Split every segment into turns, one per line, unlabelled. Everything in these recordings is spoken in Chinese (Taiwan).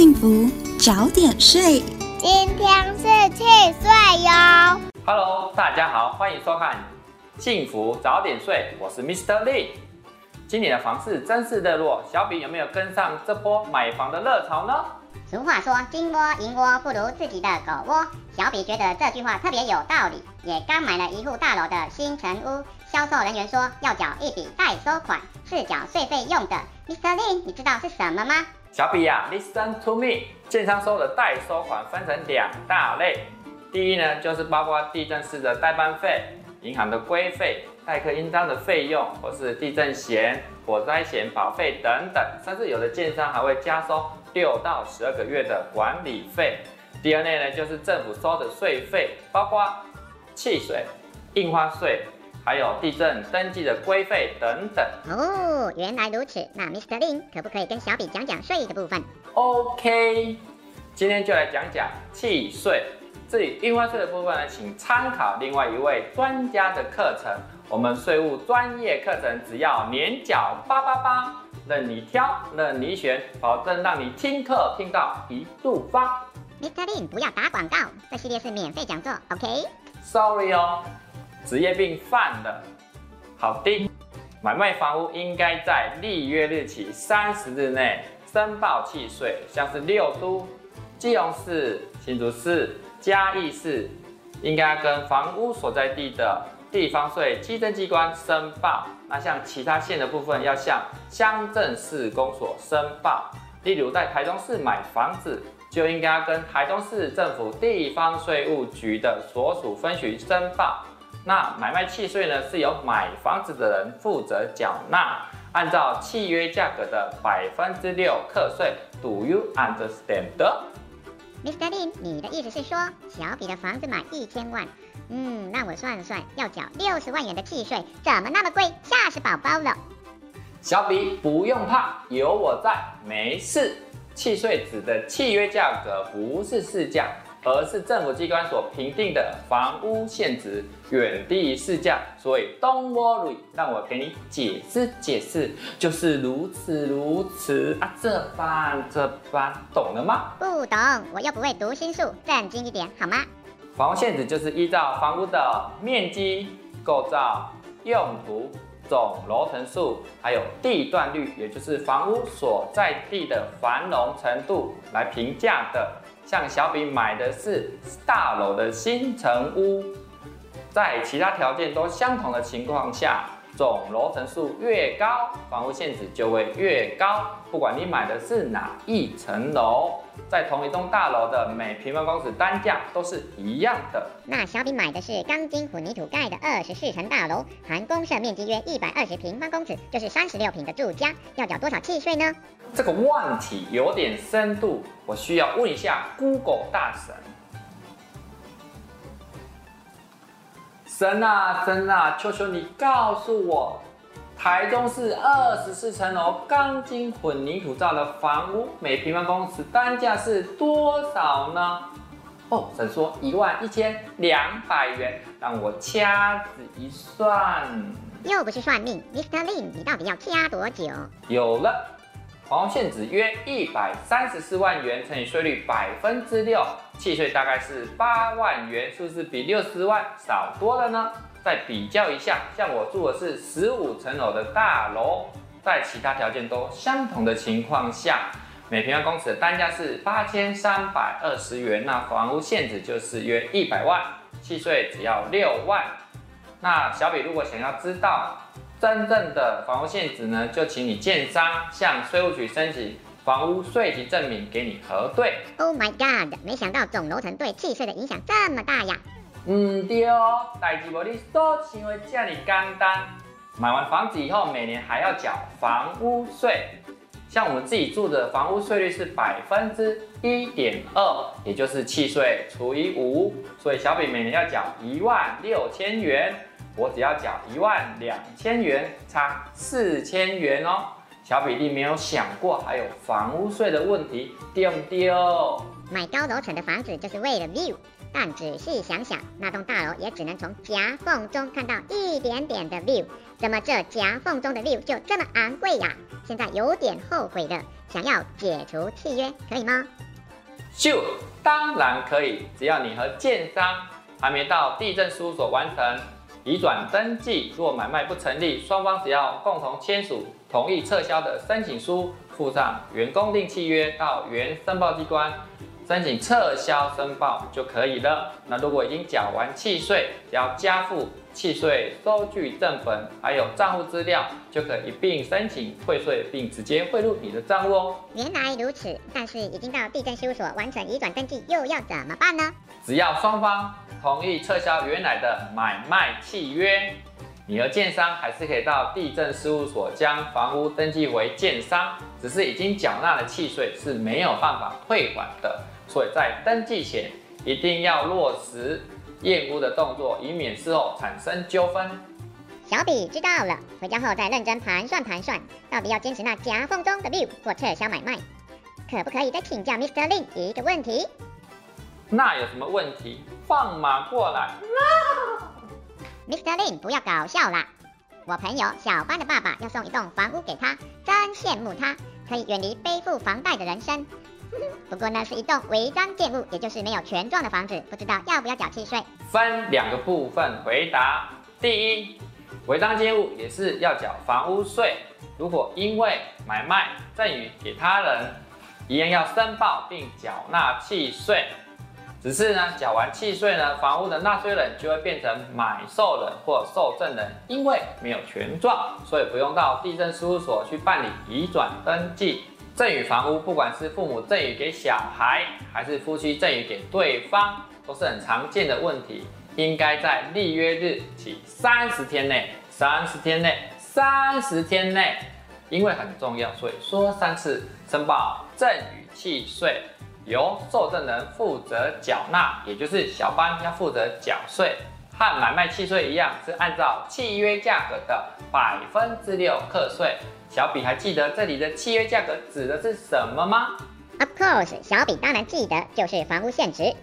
幸福找
點稅，
今天是契稅喲。
Hello，大家好，歡迎收看《幸福找點稅》，我是 Mr. LIN。今年的房市真是熱絡，小比有沒有跟上這波買房的熱潮呢？
俗話說金窩銀窩不如自己的狗窩，小比覺得這句話特別有道理，也剛買了一戶大樓的新成屋。銷售人員說要繳一筆代收款，是繳稅費用的。Mr. LIN，你知道是什麼嗎？小比呀，啊，listen to me。建商收的
代收款分成兩大
類，第一呢，就是包
括地政士的代辦費、銀行的規費、代刻印章的費用，或是地震險、火災險保費等等，甚至有的建商還會加收六到十二個月的管理費。第二類呢，就是政府收的稅費，包括契稅、印花稅。還有地震登記的規費等等。
哦，原來如此。那 Mr. Lin 可不可以跟小比講講稅的部分？OK，
今天就來講講契稅。至於印花稅的部分呢，請參考另外一位專家的課程。我們稅務專業課程只要年繳八八八，任你挑，任你選，保證讓你聽課聽到一
路發。Mr. Lin 不要打廣告，這系列是免費講座，OK？Sorry、okay? 哦。
職業病犯了，好的，買賣房屋應該在立約日起三十日內申報契稅。像是六都、基隆市、新竹市、嘉義市，應該要跟房屋所在地的地方稅稽徵機關申報。那像其他縣的部分，要向鄉鎮市公所申報。例如在台中市買房子，就應該要跟台中市政府地方稅務局的所屬分局申報。那買賣契稅呢？是由買房子的人負責繳納，按照契約價格的百分之六課稅。Do you understand,
Mr. Lin？你的意思是說，小比的房子買一千萬？嗯，那我算算，要繳六十萬元的契稅，怎麼那麼貴？嚇死寶寶了！
小比不用怕，有我在，沒事。契稅指的契約價格，不是市價。而是政府機關所評定的房屋現值，遠低於市價，所以 Don't worry，讓我給你解釋解釋，就是如此如此啊，這般這般，懂了嗎？
不懂。我又不會讀心術，正經一點好嗎？
房屋現值就是依照房屋的面積、構造、用途、總樓層數，還有地段率，也就是房屋所在地的繁榮程度來評價的。像小比買的是大樓的新成屋，在其他條件都相同的情況下。總樓層數越高，房屋現值就會越高。不管你買的是哪一層樓，在同一棟大樓的每平方公尺單價都是一樣的。
那小比買的是鋼筋混凝土蓋的二十四層大樓，含公設面積約一百二十平方公尺，就是三十六平的住家，要繳多少契稅呢？這個問題有點深度，
我需要問一下 Google 大神。神啊神啊，求求你告訴我，台中市二十四層樓鋼筋混凝土造的房屋每平方公尺單價是多少呢？哦，神說一萬一千兩百元，讓我掐指一算。
又不是算命，Mr. Lin，你到底要掐多久？
有了。房屋現值約一百三十四萬元，乘以稅率百分之六，契稅大概是八萬元，是不是比六十萬少多了呢？再比較一下，像我住的是十五層樓的大樓，在其他條件都相同的情況下，每平方公尺的單價是八千三百二十元，那房屋現值就是約一百萬，契稅只要六萬。那小比如果想要知道。真正的房屋現值呢，就請你建商向稅務局申請房屋稅籍證明給你核對。
Oh my god！沒想到總樓層對契稅的影響這麼大呀。嗯，對哦，代誌無你所想的這呢簡單。
買完房子以後，每年還要繳房屋稅。像我們自己住的房屋稅率是百分之一點二，也就是契稅除以五，所以小比每年要繳一萬六千元。我只要繳一萬兩千元，差四千元哦。小比，你沒有想過還有房屋稅的問題。
丟丢，買高樓層的房子就是為了 view，但仔細想想，那棟大樓也只能從夾縫中看到一點點的 view，怎麼這夾縫中的 view 就這麼昂貴呀？啊？現在有點後悔的，想要解除契約，可以嗎？
就當然可以，只要你和建商還沒到地政事務所完成移轉登記，若買賣不成立，雙方只要共同簽署同意撤銷的申請書，附上原公定契約到原申報機關申請撤銷申報就可以了。那如果已經繳完契稅，只要加付契稅收據正本還有賬戶資料，就可以一併申請退稅並直接匯入你的賬戶哦。
原來如此，但是已經到地政事務所完成移轉登記，又要怎麼辦呢？
只要雙方。同意撤銷原來的買賣契約，你和建商還是可以到地政事務所將房屋登記為建商，只是已經繳納的契稅是沒有辦法退還的，所以在登記前一定要落實驗屋的動作，以免事後產生糾紛。
小比知道了，回家後再認真盤算盤算，到底要堅持那夾縫中的 view，或撤銷買賣？可不可以再請教 Mr. Lin 一個問題？
那有什麼問題？放馬過來
No!，Mr. Lin，不要搞笑了。我朋友小班的爸爸要送一棟房屋給他，真羨慕他可以遠離背負房貸的人生。不過呢，是一棟違章建物，也就是沒有權狀的房子，不知道要不要繳契稅。分
兩個部分回答。第一，違章建物也是要繳房屋稅。如果因為買賣贈與給他人，一樣要申報並繳納契稅。只是呢，繳完契稅呢，房屋的納稅人就會變成買受人或受贈人，因為沒有權狀，所以不用到地政事務所去辦理移轉登記。贈與房屋，不管是父母贈與給小孩，還是夫妻贈與給對方，都是很常見的問題，應該在立約日起三十天內，三十天內，三十天內，因為很重要，所以說三次，申報贈與契稅。由受贈人負責繳納，也就是小班要負責繳稅，和買賣契稅一樣，是按照契約價格的百分之六課稅。小比還記得這裡的契約價格指的是什麼嗎
？Of course，小比當然記得，就是房屋現值。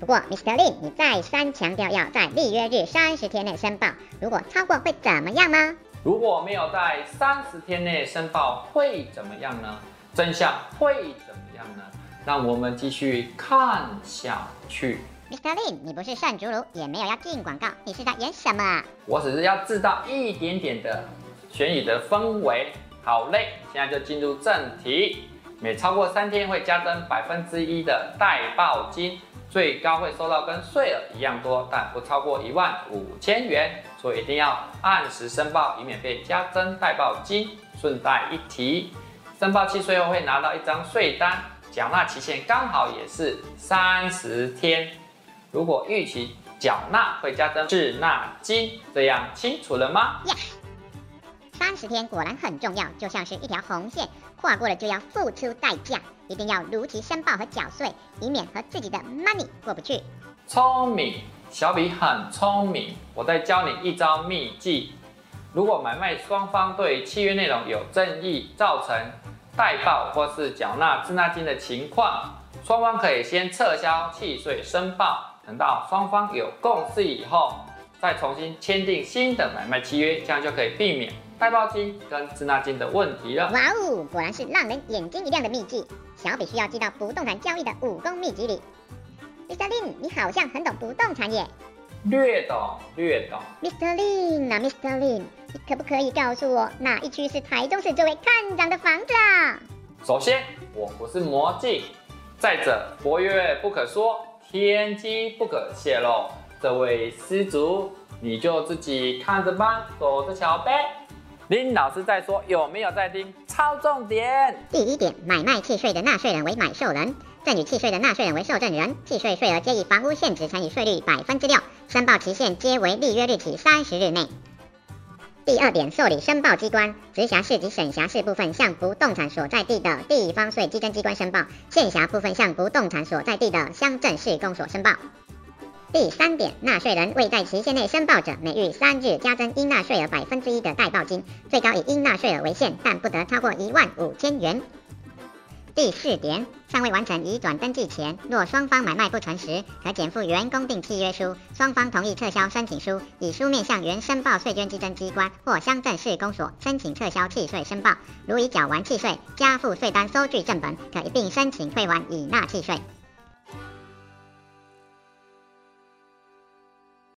不過，Mr. Lin，你再三強調要在立約日三十天內申報，如果超過會怎麼樣呢？
如果沒有在
三十天
內申報，
會怎麼樣呢？
真相
會怎麼樣呢？
讓我們繼續
看下
去。
Mr. Lin，你不是善竹盧，也沒有要進廣告，你是在演什麼？
我只是要製
造一點點的
懸疑的氛圍。好嘞，現在就進入正題。每超過三天會加徵百分之一的怠報金，最高會收到跟稅額一樣多，但不超過一萬五千元，所以一定要按時申報，以免被加徵怠報金。順帶一提，申報期最後會拿到一張稅單。繳納期限剛好也是三十天，如果逾期繳納會加徵滯納金，這樣清楚了嗎
？Yes. 三十天果然很重要，就像是一條紅線，跨過了就要付出代價，一定要如期申報和繳稅，以免和自己的 money 過不去。聰明，
小比很聰明，我再教你一招秘技，如果買賣雙方對契約內容有爭議，造成怠報或是繳納滯納金的情況，雙方可以先撤銷契稅申報，等到雙方有共識以後，再重新簽訂新的買賣契約，這樣就可以避免怠報金跟
滯納金的問題了。哇哦，果然是讓人眼睛一亮的秘籍，小比需要記到不動產交易的武功秘籍裡。Mr. Lin，你好像很懂不動產耶。略
懂，略懂。
Mr. Lin，啊 Mr. Lin。你可不可以告訴我哪一區是台中市最會看漲的房子啊？
首先，我不是魔鏡；再者，佛曰不可說，天機不可洩露。這位施主，你就自己看着辦，走着瞧唄。林老師在說，有沒有在聽？抄重點。
第一點，買賣契稅的納稅人為買受人，贈與契稅的納稅人為受贈人，契稅稅額皆以房屋現值乘以稅率百分之六，申報期限皆為立約日起三十日內。第二點，受理申報機關：直轄市及省轄市部分向不動產所在地的地方稅稽徵機關申報，縣轄部分向不動產所在地的鄉鎮市公所申報。第三點，納稅人未在期限內申報者，每逾三日加徵應納稅額百分之一的怠報金，最高以應納稅額為限，但不得超過一萬五千元。第四點，尚未完成移轉登記前，若雙方買賣不成時，可檢附原公定契約書，雙方同意撤銷申請書，以書面向原申報稅捐稽徵機關或鄉鎮市公所申請撤銷契稅申報。如已繳完契稅，加附稅單收據正本，可一併申請退還已納契稅。